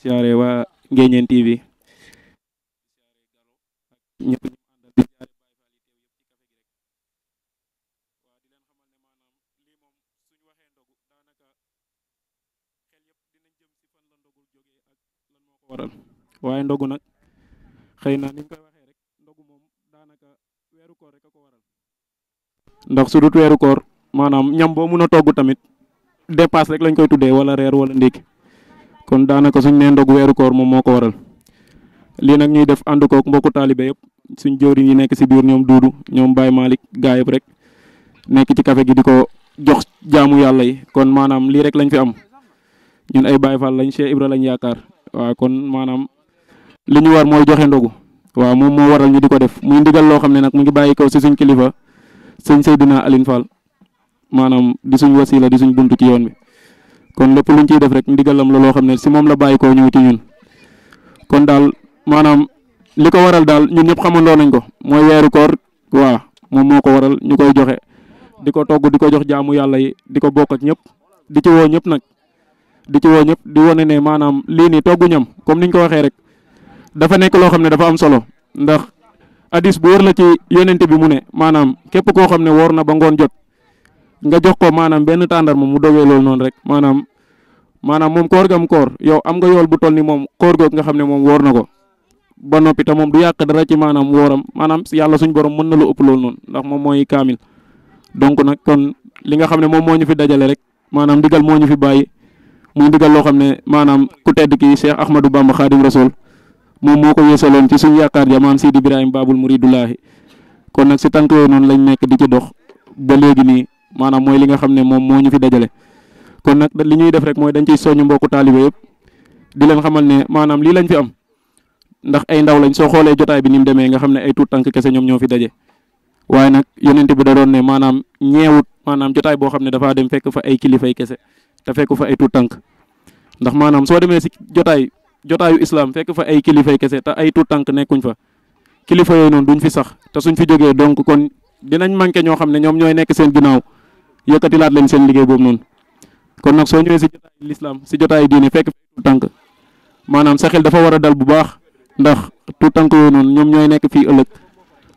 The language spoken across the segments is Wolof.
siare wa ngeñen TV ñëpp waral waaye ndogu nak xeyna na ni ñu koy waxe rek ndogu mom danaka wéru koor rek ko waral ndax su dut weeru koor manam ñam bo mëna a togg tamit dépasse rek lañ koy tuddé wala rër wala ndik kon daanaka suñ nee ndog wéru koor moom moko waral li nak ñuy def ko ak mbokku talibé yépp suñ jëwriñ yi nekk ci biir ñom dudu ñom Baye malik gaayep rek nekk ci café gi diko jox jaamu yalla yi kon manam li rek lañ fi am ñun ay Baye Fall lañ Cheikh Ibra lañ yaakaar wa kon manam li ñu war moy joxe ndogu wa moom mo waral ñu diko ko def muy ndigal lo xam nak mu ngi bàyyi kaw si suñ kilifa sëñ sayyidina alin Fall manam di suñ wasila di suñ buntu ci yoon bi kon lépp lu ñu ciy def rek ndigalam la loo xam ne si moom la bàyyi ko ñëw ci ñun kon daal maanaam li ko waral daal ñun ñëpp xamandoo nañ ko mooy weeru koor waaw moom moo ko waral ñu koy joxe di ko togg di ko jox jaamu yàlla yi di ko bokk ak ñëpp di ci woo ñëpp nag di ci woo ñëpp di wane ne maanaam lii nii togg ñam comme niñ ko waxee rek dafa nekk loo xam ne dafa am solo ndax hadis bu wër la ci yonent bi mu ne maanaam képp koo xam ne woor na ba ngoon jot nga jox ko maanaam benn tàndarma mu doge lol non rek manam manam mom koor gam koor yow am nga yol bu toll ni moom koor gog nga xamne mom wor nako ko ba nopi te mom du yak dara ci woram manam maanaam yalla suñ borom mën na lu upp lol non ndax mom moy kamil donc nak kon li nga xamne mom moñu fi dajale rek manam digal moñu fi baye muy digal lo xamne manam ku tedd ki Cheikh Ahmadou Bamba Khadim Rasoul mom moko yeesalon ci suñu yakar jamaan Sidi Ibrahima Babul muridullah kon nak si tànk non lañ nek di ci dox ba legui ni maanaam mooy li nga xam ne moom moo ñu fi dajale kon nag li ñuy def rek mooy dañ ciy soññ mbokku taalibe yëpp di leen xamal ne maanaam lii lañ fi am ndax ay ndaw lañ soo xoolee jotaay bi ni mu demee nga xam ne ay tuut tànk kese ñoom ñoo fi daje waaye nag yonent bi da doon ne maanaam ñeewut maanaam jotaay boo xam ne dafaa dem fekk fa ay kilifay kese te fekk fa ay tuut tànk ndax maanaam soo demee si jotaay jotaayu islam fekk fa ay kilifay kese te ay tànk nekkuñ fa kilifa yooyu noonu duñ fi sax te suñ fi jógee donc kon dinañ manqué ñoo xam ne ñoom ñooy nekk seen ginnaaw laat leen seen liggéey boobu noonu kon nag soo ñëwee si jotaayu lislaam si jotaay diine fekk tout tànk maanaam sa xel dafa war a dal bu baax ndax tout tànk yooyu noonu ñoom ñooy nekk fii ëllëg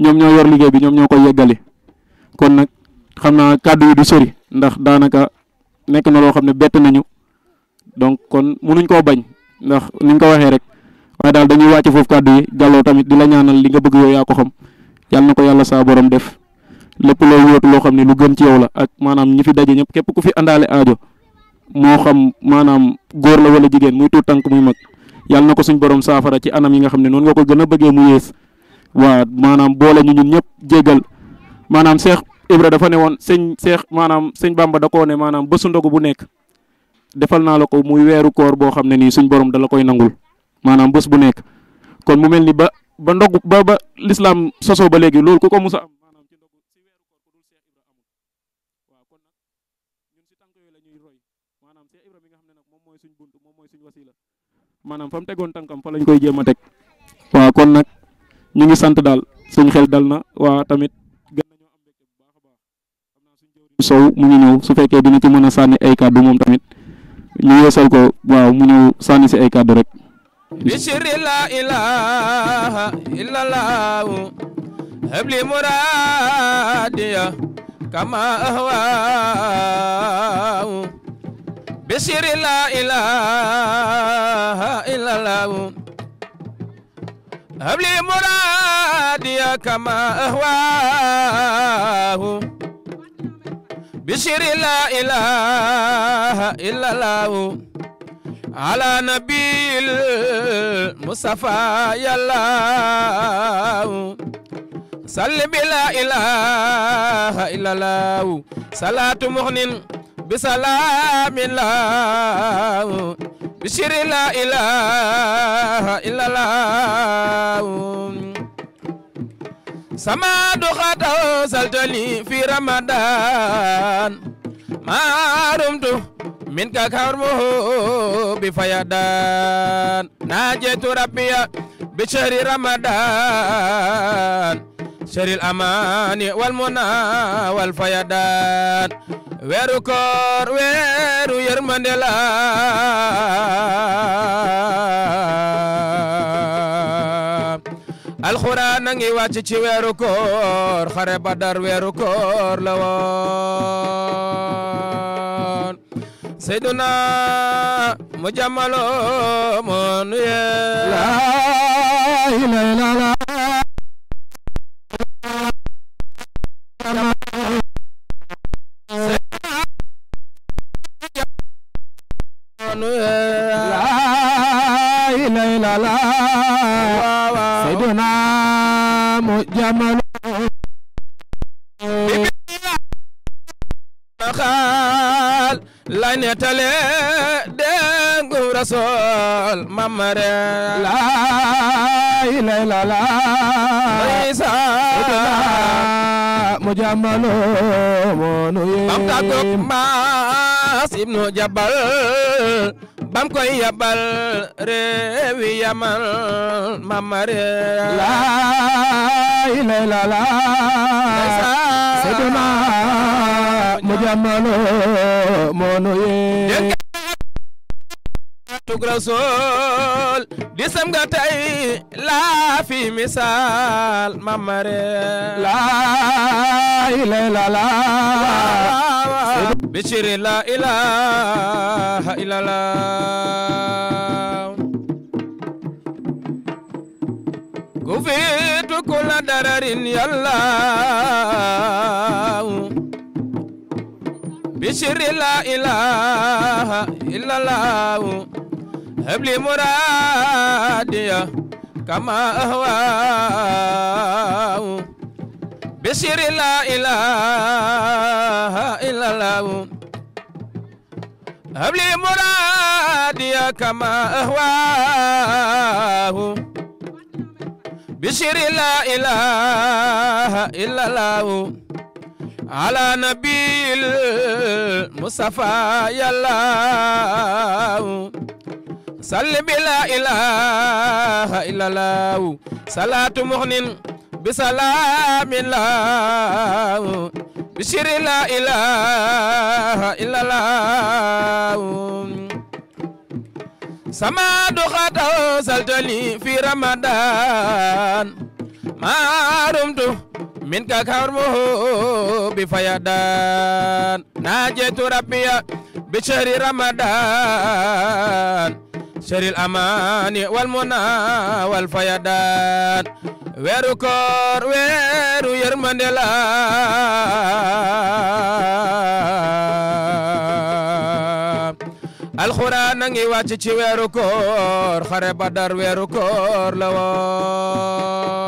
ñoom ñoo yor liggéey bi ñoom ñoo koy yeggale kon nag xam naa kàddu yi du sori ndax daanaka nekk na loo xam ne bett nañu donc kon munuñ koo bañ ndax niñ ko waxee rek waaye daal dañuy wàcc foofu kàddu yi jàlloo tamit di la ñaanal li nga bëgg yow yaa ko xam yàlla na ko yàlla borom def lepp lo yóotu lo xamni lu gën ci yow la ak manam ñi fi daje ñep képp ku fi àndaale aajo mo xam manam goor la wala jigen muy tout tank muy mag yàlla nako ko suñ borom safara ci anam yi nga xamni non nga ko gëna bëgge bëggee mu yées waa maanaam boole ñu ñun ñep jéggal manam Cheikh Ibra dafa ne señ Cheikh manam señ Bamba da ko ne maanaam bésu ndogu bu nekk defal na la ko muy wéru koor bo xamni ni suñ borom da la koy nangul manam bés bu nekk kon mu melni ba ba ndogu ba ba l'islam soso ba légui lool ku ko musa am manam fam mu tankam fa lañ koy jema tek wa kon nak ñu ngi sante dal suñ xel dal na wa tamit gën nañu am mbégte bu baax baax xam naa suñ jëwriñ sow mu ñu ñew su fekkee dina ci mëna sanni ay kàddu mom tamit ñu yeesal ko waaw mu ñëw sanni ci ay kàddu rek bishri la ilaha illallahu habli muradiya kama ahwaahu بسر لا إله إلا الله هب لي مرادي كما أهواه بسر لا إله إلا الله على نبي المصطفى يا الله صل بلا إله إلا الله صلاة مغنٍ بسلام الله بشر لا إله إلا الله سما دخات سلتني في رمضان ما رمت منك كرمه بفيدان ناجيت ربي بشهر رمضان seri amaani wal mona wal fayadaan weeru koor weeru yërmande la alxuraan a ngi wàcc weeru koor xare badar weeru koor la woon mu jamalo moon yee la netale déggu rasool mamare la ilay la la isa mu jammalo monu ye maas ibnu jabal bam koy yabal reewi yamal mamare la ilay la la isa moonu yee tug rasool disam ga tay laa fi misaal mamare laa ilala laa bishiri laa ilaha ilala kufitu kula dararin yalla بشر لا إله إلا الله هب لي مرادي كما أهوى بشر لا إله إلا الله هب لي مرادي كما أهوى بشر لا إله إلا الله ala nabil mustafa yallahu salli bi la ilaha illallahu salatu muhnin bi salamin lahu bishiri la ilaha illallahu samadu khatahu saltani fi ramadan ma rumtu منك كرمه بفيضان ناجيت ربي بشهر رمضان شهر الأمان والمنى والفيضان ويرو كور ويرو يرمندلا alxuraan a ngi wàcc ci weeru koor xare badar weeru koor la woon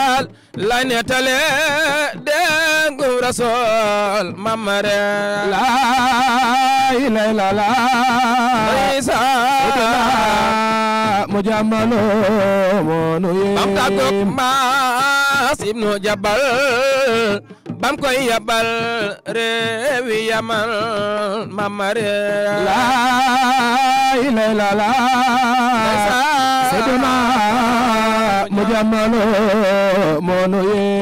la netale déggu rasool mamare la ilay la la isa mo jamalo mo nuye bam tagok ibnu jabal bam koy yabal rewi yamal mamare la ilay la la isa Seydina Mujammalo moo nu yee